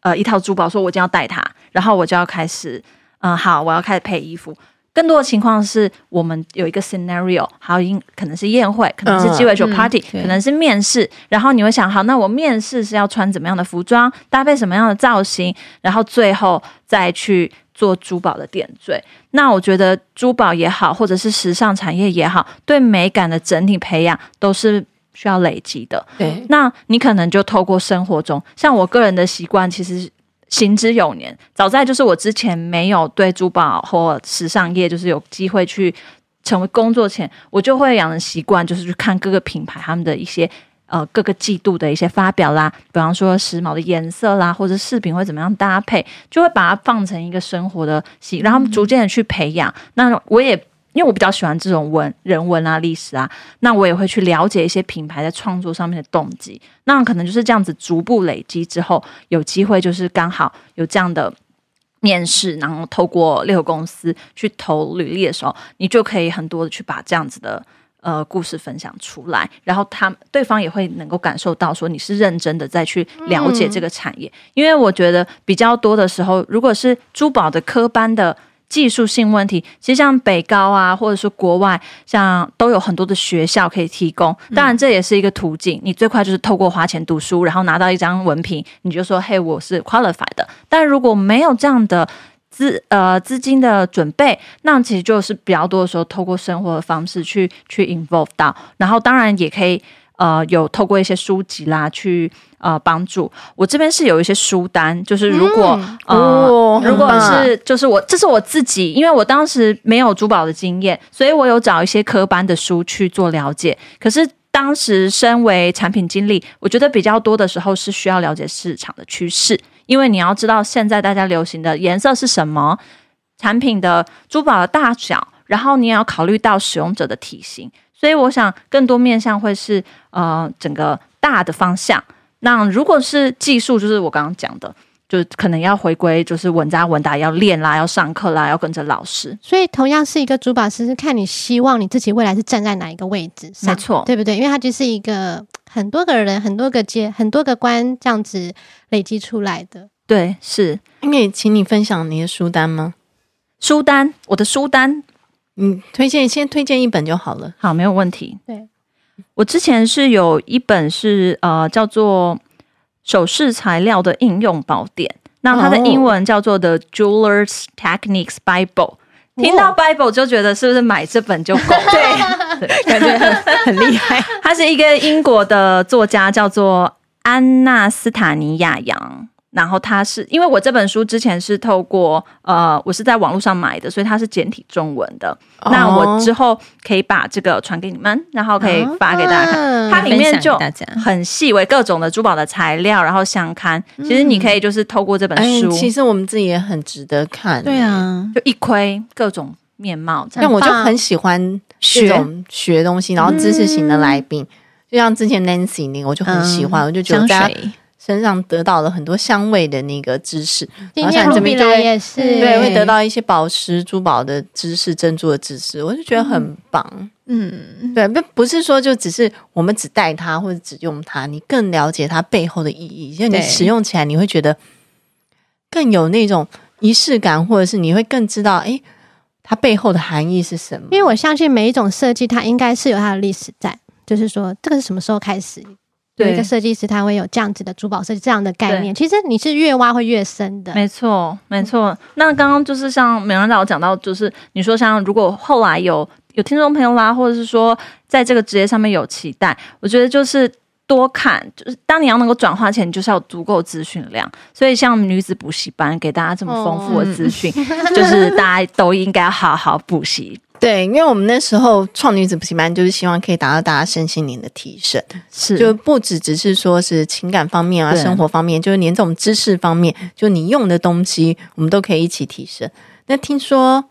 呃一套珠寶，說我就要戴它，然後我就要開始嗯，好，我要開始配衣服。更多的情況是我們有一個 scenario，還有應可能是宴會，可能是雞尾酒 party，嗯，可能是面試，然後你會想，好，那我面試是要穿怎麼樣的服裝，搭配什麼樣的造型，然後最後再去做珠寶的點綴。那我覺得珠寶也好，或者是時尚產業也好，對美感的整體培養都是需要累積的。對，那你可能就透過生活中，像我個人的習慣，其實。行之有年，早在就是我之前沒有對珠寶或時尚業就是有機會去成為工作前，我就會養成習慣，就是去看各個品牌他們的一些呃各個季度的一些發表啦，比方說時髦的顏色啦，或者飾品會怎麼樣搭配，就會把它放成一個生活的習，然後逐漸的去培養。嗯。那我也。因為我比較喜歡這種文人文啊、歷史啊，那我也會去了解一些品牌在創作上面的動機。那可能就是這樣子逐步累積之後，有機會就是剛好有這樣的面試，然後透過獵頭公司去投履歷的時候，你就可以很多的去把這樣子的呃故事分享出來。然後他對方也會能夠感受到說你是認真的在去了解這個產業。嗯、因為我覺得比較多的時候，如果是珠寶的科班的。技術性問題，其實像北高啊，或者是國外，像都有很多的學校可以提供。當然，這也是一個途徑。你最快就是透過花錢讀書，然後拿到一張文憑，你就說：“嘿，我是 qualified 的。”但如果沒有這樣的資呃資金的準備，那其實就是比較多的時候透過生活的方式去去 involve 到。然後，當然也可以。呃，有透過一些書籍啦，去呃幫助。我這邊是有一些書單，就是如果、嗯呃、哦，如果是就是我這是我自己，因為我當時沒有珠寶的經驗，所以我有找一些科班的書去做了解。可是當時身為產品經理，我覺得比較多的時候是需要了解市場的趨勢，因為你要知道現在大家流行的顏色是什麼，產品的珠寶的大小，然後你也要考慮到使用者的體型。所以我想，更多面向會是呃整個大的方向。那如果是技術，就是我剛剛講的，就可能要回歸，就是穩紮穩打，要練啦，要上課啦，要跟着老師。所以，同樣是一個珠寶師，是看你希望你自己未來是站在哪一個位置。沒錯，對不對？因為它就是一個很多個人、很多個階、很多個關這樣子累積出來的。對，是。因為請你分享你的書單嗎？書單，我的書單。嗯，推薦先推薦一本就好了。好，沒有問題。對我之前是有一本是呃叫做《首飾材料的應用寶典》，那它的英文叫做《The Jeweler's Techniques Bible》哦。聽到 Bible 就覺得是不是買這本就夠了？對，感覺很很厲害。他 是一個英國的作家，叫做安娜斯塔尼亞楊。然後它是因為我這本書之前是透過呃，我是在網絡上買的，所以它是簡體中文的。那我之後可以把這個傳給你們，然後可以發給大家看。它裡面就很細微，各種的珠寶的材料，然後相看。其實你可以就是透過這本書，其實我們自己也很值得看。對啊，就一窺各種面貌。但我就很喜歡學學東西，然後知識型的來賓，就像之前 Nancy 那個，我就很喜歡，我就覺得身上得到了很多香味的那個知識，今天像盧比也是，對，會得到一些寶石、珠寶的知識、嗯、珍珠的知識，我就覺得很棒。嗯，對，不不是說就只是我們只戴它或者只用它，你更了解它背後的意義，就你使用起來你會覺得更有那種儀式感，或者是你會更知道，哎、欸，它背後的含義是什麼？因為我相信每一種設計，它應該是有它的歷史在，就是說，這個是什麼時候開始？有一個設計師，他會有這樣子的珠寶設計這樣的概念。對其實你是越挖會越深的。沒錯，沒錯。那剛剛就是像 Miranda 講到，就是你說像如果後來有有聽眾朋友啦、啊，或者是說在這個職業上面有期待，我覺得就是。多看就是，當你要能夠轉化錢，你就是要足夠資訊量。所以像女子補習班給大家這麼豐富的資訊，嗯、就是大家都應該好好補習。 對，因為我們那時候創女子補習班，就是希望可以達到大家身心靈的提升，是就不只只是說是情感方面啊，對生活方面，就是連這種知識方面，就你用的東西，我們都可以一起提升。那聽說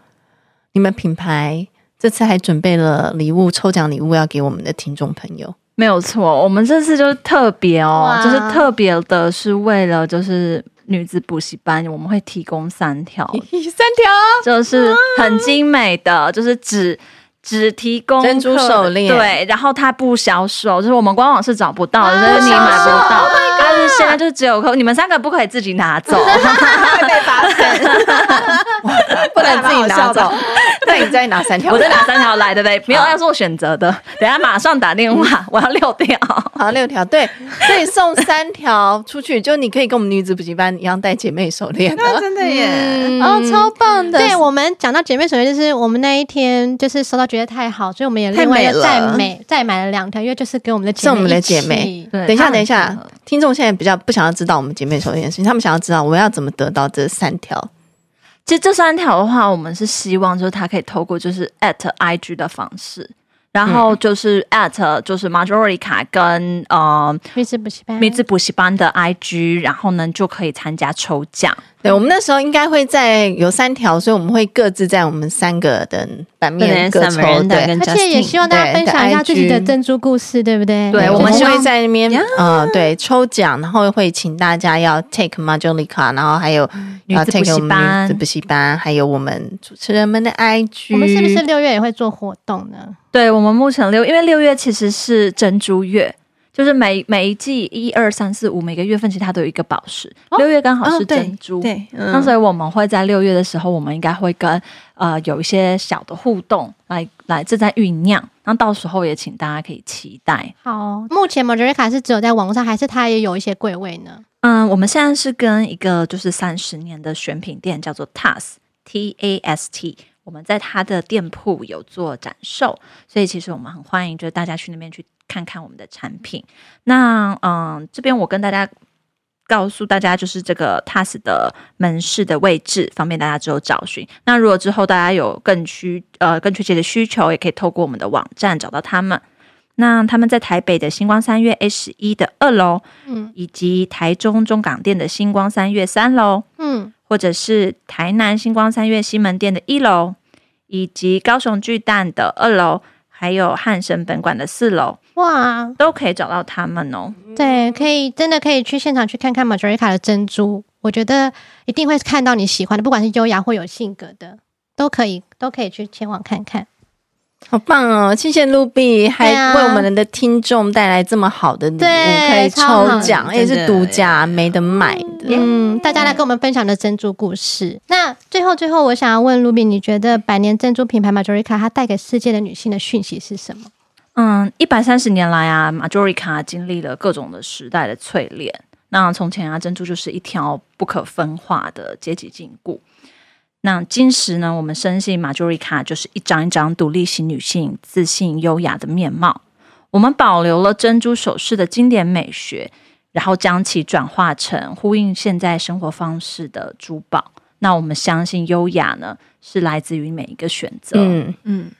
你們品牌這次還準備了禮物抽獎禮物，物要給我們的聽眾朋友。沒有錯，我們這次就是特別哦，哇就是特別的，是為了就是女子補習班，我們會提供三條，三條，就是很精美的，哇就是只只提供珍珠手鏈，對，然後它不銷售，就是我們官網是找不到的，就哇是你買不到。啊啊但是現在就只有扣，你們三個不可以自己拿走，會被發現，不能自己拿走。那你再拿三條，我再拿三條來，對不對？沒有要做選擇的，等下馬上打電話，我要六條，我要六條。對，所以送三條出去，就你可以跟我們女子補習班一樣戴姐妹手鏈。那真的耶，哦，超棒的。對，我們講到姐妹手鏈，就是我們那一天就是收到覺得太好，所以我們也另外再買再買了兩條，因為就是給我們的，我們的姐妹。對等一下，等一下，聽眾現在比較不想要知道我們姐妹抽這件事情，他們想要知道我要怎麼得到這三條。其實這三條的話，我們是希望就是他可以透過就是 at IG 的方式，然後就是 at、嗯、就是 Majorica 跟呃女子補習班女子補習班的 IG，然後呢就可以參加抽獎。對，我們那時候應該會再有三條，所以我們會各自在我們三個的。版面各對對人的，而且也希望大家分享一下自己的珍珠故事，對不對？對，對對，我們會在那邊對嗯，嗯，對，抽獎，然後會請大家要 take Majorica，然後還有女子補習班，女子補習班，還有我們主持人們的 IG。我們是不是六月也會做活動呢？對，我們目前六，因為六月其實是珍珠月。就是每每一季，一二三四五每個月份，其實它都有一個寶石。六、哦、月剛好是珍珠，哦、對。對嗯、那所以我們會在六月的時候，我們應該會跟呃有一些小的互動，來來正在醞釀。那到時候也請大家可以期待。好、哦，目前 Majorica 是只有在網絡上，還是它也有一些櫃位呢？嗯，我們現在是跟一個就是三十年的選品店叫做 TAST, T-A-S-T，我們在它的店鋪有做展售，所以其實我們很歡迎，就是大家去那邊去。看看我們的產品，那嗯，這邊我跟大家告訴大家，就是這個 TAST 的門市的位置，方便大家之後找尋。那如果之後大家有更需呃更確切的需求，也可以透過我們的網站找到他們。那他們在台北的新光三越 A11 的二樓，嗯，以及台中中港店的新光三越三樓，嗯，或者是台南新光三越西門店的一樓，以及高雄巨蛋的二樓，還有漢神本館的四樓，哇，都可以找到他們哦、喔。對，可以，真的可以去現場去看看 Majorica 的珍珠，我覺得一定會看到你喜歡的，不管是優雅或有性格的，都可以，都可以去前往看看。好棒哦！謝謝露比，還為我們的聽眾帶來這麼好的禮物，啊、可以抽獎，也、欸、是獨家，啊、沒得買的。嗯，大家來跟我們分享的珍珠故事。嗯、那最後，最後，我想要問露比，你覺得百年珍珠品牌 Majorica 它帶給世界的女性的訊息是什麼？嗯，一百三十年來啊，Majorica 經歷了各種的時代的淬煉。那從前啊，珍珠就是一條不可分化的階級禁錮。那今時呢，我們深信 Majorica 就是一張一張獨立型女性自信優雅的面貌。我們保留了珍珠首飾的經典美學，然後將其轉化成呼應現在生活方式的珠寶。那我們相信，優雅呢是來自於每一個選擇。嗯嗯，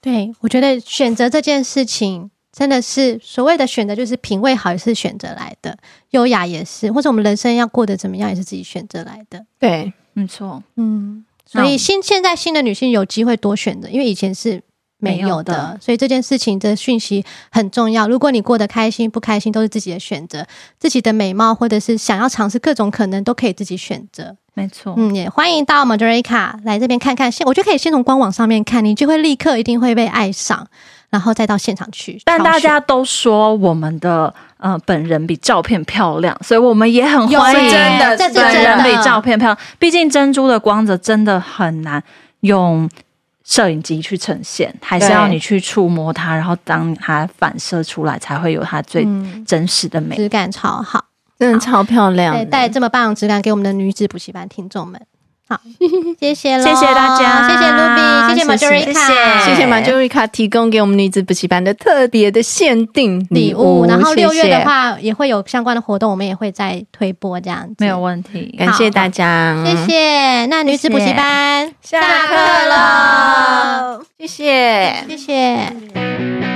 對，我覺得選擇這件事情真的是所謂的選擇，就是品味好也是選擇來的，優雅也是，或者我們人生要過得怎麼樣也是自己選擇來的。對。沒錯，嗯，所以新現在新的女性有機會多選擇，因為以前是沒有的，有的，所以這件事情的訊息很重要。如果你過得開心不開心都是自己的選擇，自己的美貌或者是想要嘗試各種可能都可以自己選擇。沒錯，嗯，也歡迎到 Majorica 來這邊看看，先我覺得可以先從官網上面看，你就會立刻一定會被愛上。然後再到現場去，但大家都說我們的嗯、呃、本人比照片漂亮，所以我們也很歡迎。這是真的，本人比照片漂亮，畢竟珍珠的光澤真的很難用攝影機去呈現，還是要你去觸摸它對然後當它反射出來，才會有它最真實的美。嗯、質感超好真的好、嗯、超漂亮對，帶這麼棒的質感給我們的女子補習班聽眾們。好，謝謝了，謝謝大家，謝謝盧 u b 謝謝馬修瑞卡，謝謝馬修瑞卡提供給我們女子補習班的特別的限定禮物，禮物然後六月的話謝謝也會有相關的活動，我們也會在推播這樣子，沒有問題，感謝大家，謝謝，那女子補習班下課了，謝謝，謝謝。謝謝嗯